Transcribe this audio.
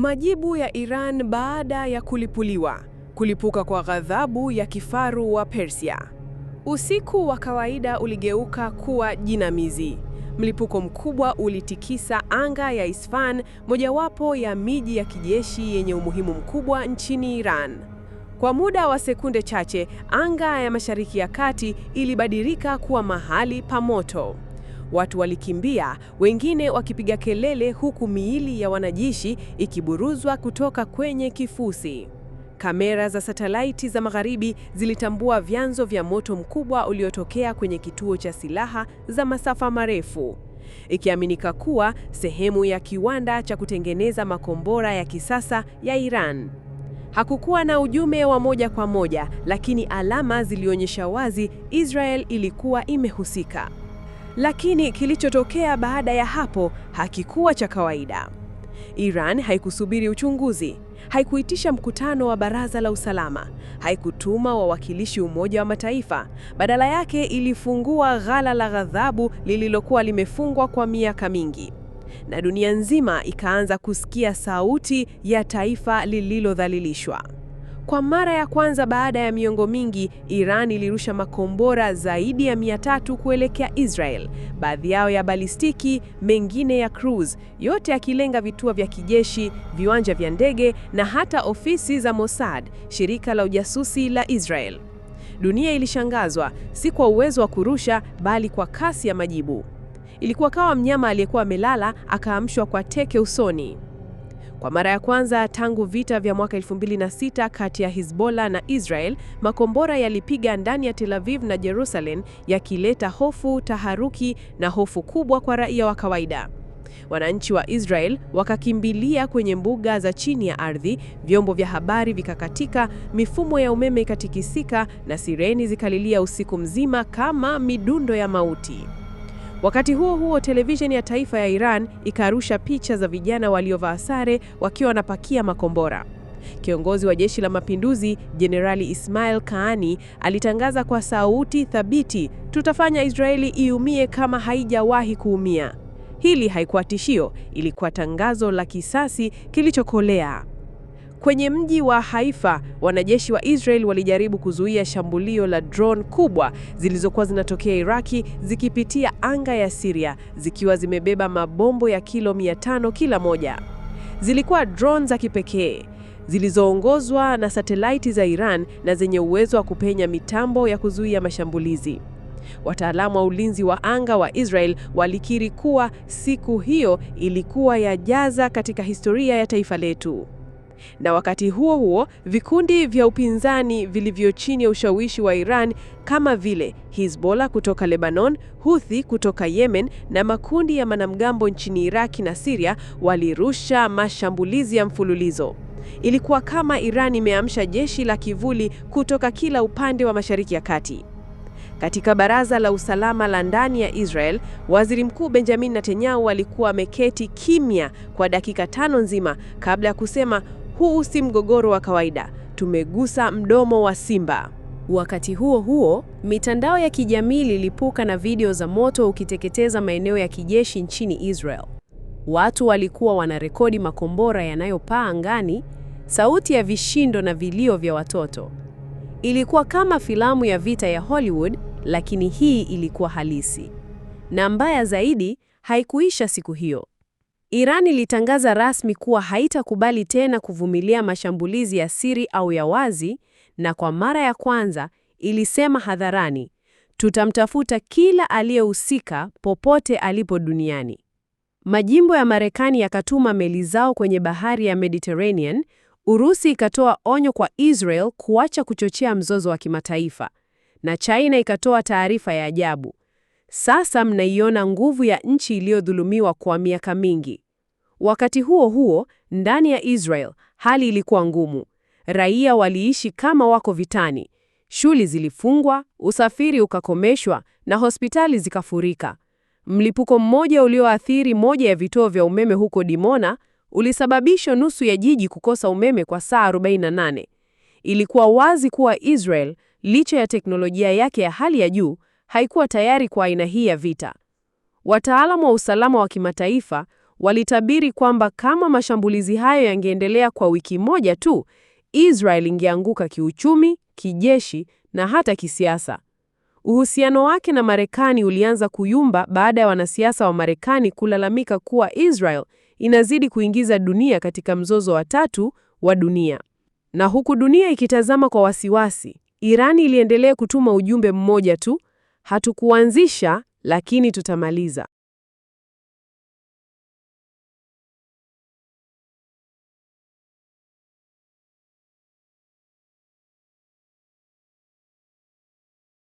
Majibu ya Iran baada ya kulipuliwa. Kulipuka kwa ghadhabu ya kifaru wa Persia. Usiku wa kawaida uligeuka kuwa jinamizi. Mlipuko mkubwa ulitikisa anga ya Isfahan, mojawapo ya miji ya kijeshi yenye umuhimu mkubwa nchini Iran. Kwa muda wa sekunde chache, anga ya Mashariki ya Kati ilibadilika kuwa mahali pa moto. Watu walikimbia, wengine wakipiga kelele, huku miili ya wanajeshi ikiburuzwa kutoka kwenye kifusi. Kamera za satelaiti za magharibi zilitambua vyanzo vya moto mkubwa uliotokea kwenye kituo cha silaha za masafa marefu, ikiaminika kuwa sehemu ya kiwanda cha kutengeneza makombora ya kisasa ya Iran. Hakukuwa na ujumbe wa moja kwa moja, lakini alama zilionyesha wazi Israel ilikuwa imehusika. Lakini kilichotokea baada ya hapo hakikuwa cha kawaida. Iran haikusubiri uchunguzi, haikuitisha mkutano wa Baraza la Usalama, haikutuma wawakilishi Umoja wa Mataifa. Badala yake ilifungua ghala la ghadhabu lililokuwa limefungwa kwa miaka mingi, na dunia nzima ikaanza kusikia sauti ya taifa lililodhalilishwa. Kwa mara ya kwanza baada ya miongo mingi, Iran ilirusha makombora zaidi ya tatu kuelekea Israel, baadhi yao ya balistiki, mengine ya cruise, yote yakilenga vituo vya kijeshi, viwanja vya ndege na hata ofisi za Mossad, shirika la ujasusi la Israel. Dunia ilishangazwa, si kwa uwezo wa kurusha, bali kwa kasi ya majibu. Ilikuwa kama mnyama aliyekuwa amelala akaamshwa kwa teke usoni. Kwa mara ya kwanza tangu vita vya mwaka 2006 kati ya Hezbollah na Israel, makombora yalipiga ndani ya Tel Aviv na Jerusalem, yakileta hofu, taharuki na hofu kubwa kwa raia wa kawaida. Wananchi wa Israel wakakimbilia kwenye mbuga za chini ya ardhi, vyombo vya habari vikakatika, mifumo ya umeme ikatikisika na sireni zikalilia usiku mzima kama midundo ya mauti. Wakati huo huo, televisheni ya taifa ya Iran ikarusha picha za vijana waliovaa sare wakiwa wanapakia makombora. Kiongozi wa Jeshi la Mapinduzi Jenerali Ismail Kaani alitangaza kwa sauti thabiti, tutafanya Israeli iumie kama haijawahi kuumia. Hili haikuwa tishio, ilikuwa tangazo la kisasi kilichokolea. Kwenye mji wa Haifa, wanajeshi wa Israel walijaribu kuzuia shambulio la drone kubwa zilizokuwa zinatokea Iraki zikipitia anga ya Syria zikiwa zimebeba mabombo ya kilo 500 kila moja. Zilikuwa drone za kipekee zilizoongozwa na satelaiti za Iran na zenye uwezo wa kupenya mitambo ya kuzuia mashambulizi. Wataalamu wa ulinzi wa anga wa Israel walikiri kuwa siku hiyo ilikuwa ya jaza katika historia ya taifa letu. Na wakati huo huo, vikundi vya upinzani vilivyo chini ya ushawishi wa Iran kama vile Hezbollah kutoka Lebanon, Houthi kutoka Yemen na makundi ya wanamgambo nchini Iraki na Siria walirusha mashambulizi ya mfululizo. Ilikuwa kama Iran imeamsha jeshi la kivuli kutoka kila upande wa Mashariki ya Kati. Katika Baraza la Usalama la ndani ya Israel, Waziri Mkuu Benjamin Netanyahu alikuwa ameketi kimya kwa dakika tano nzima kabla ya kusema huu si mgogoro wa kawaida, tumegusa mdomo wa simba. Wakati huo huo, mitandao ya kijamii lilipuka na video za moto ukiteketeza maeneo ya kijeshi nchini Israel. Watu walikuwa wanarekodi makombora yanayopaa angani, sauti ya vishindo na vilio vya watoto. Ilikuwa kama filamu ya vita ya Hollywood, lakini hii ilikuwa halisi. Na mbaya zaidi, haikuisha siku hiyo. Iran ilitangaza rasmi kuwa haitakubali tena kuvumilia mashambulizi ya siri au ya wazi, na kwa mara ya kwanza ilisema hadharani, tutamtafuta kila aliyehusika popote alipo duniani. Majimbo ya Marekani yakatuma meli zao kwenye bahari ya Mediterranean. Urusi ikatoa onyo kwa Israel kuacha kuchochea mzozo wa kimataifa, na China ikatoa taarifa ya ajabu. Sasa mnaiona nguvu ya nchi iliyodhulumiwa kwa miaka mingi. Wakati huo huo, ndani ya Israel hali ilikuwa ngumu. Raia waliishi kama wako vitani. Shule zilifungwa, usafiri ukakomeshwa na hospitali zikafurika. Mlipuko mmoja ulioathiri moja ya vituo vya umeme huko Dimona ulisababisha nusu ya jiji kukosa umeme kwa saa 48. Ilikuwa wazi kuwa Israel, licha ya teknolojia yake ya hali ya juu, haikuwa tayari kwa aina hii ya vita. Wataalamu wa usalama wa kimataifa walitabiri kwamba kama mashambulizi hayo yangeendelea kwa wiki moja tu, Israel ingeanguka kiuchumi, kijeshi na hata kisiasa. Uhusiano wake na Marekani ulianza kuyumba baada ya wanasiasa wa Marekani kulalamika kuwa Israel inazidi kuingiza dunia katika mzozo wa tatu wa dunia. Na huku dunia ikitazama kwa wasiwasi, Irani iliendelea kutuma ujumbe mmoja tu Hatukuanzisha, lakini tutamaliza.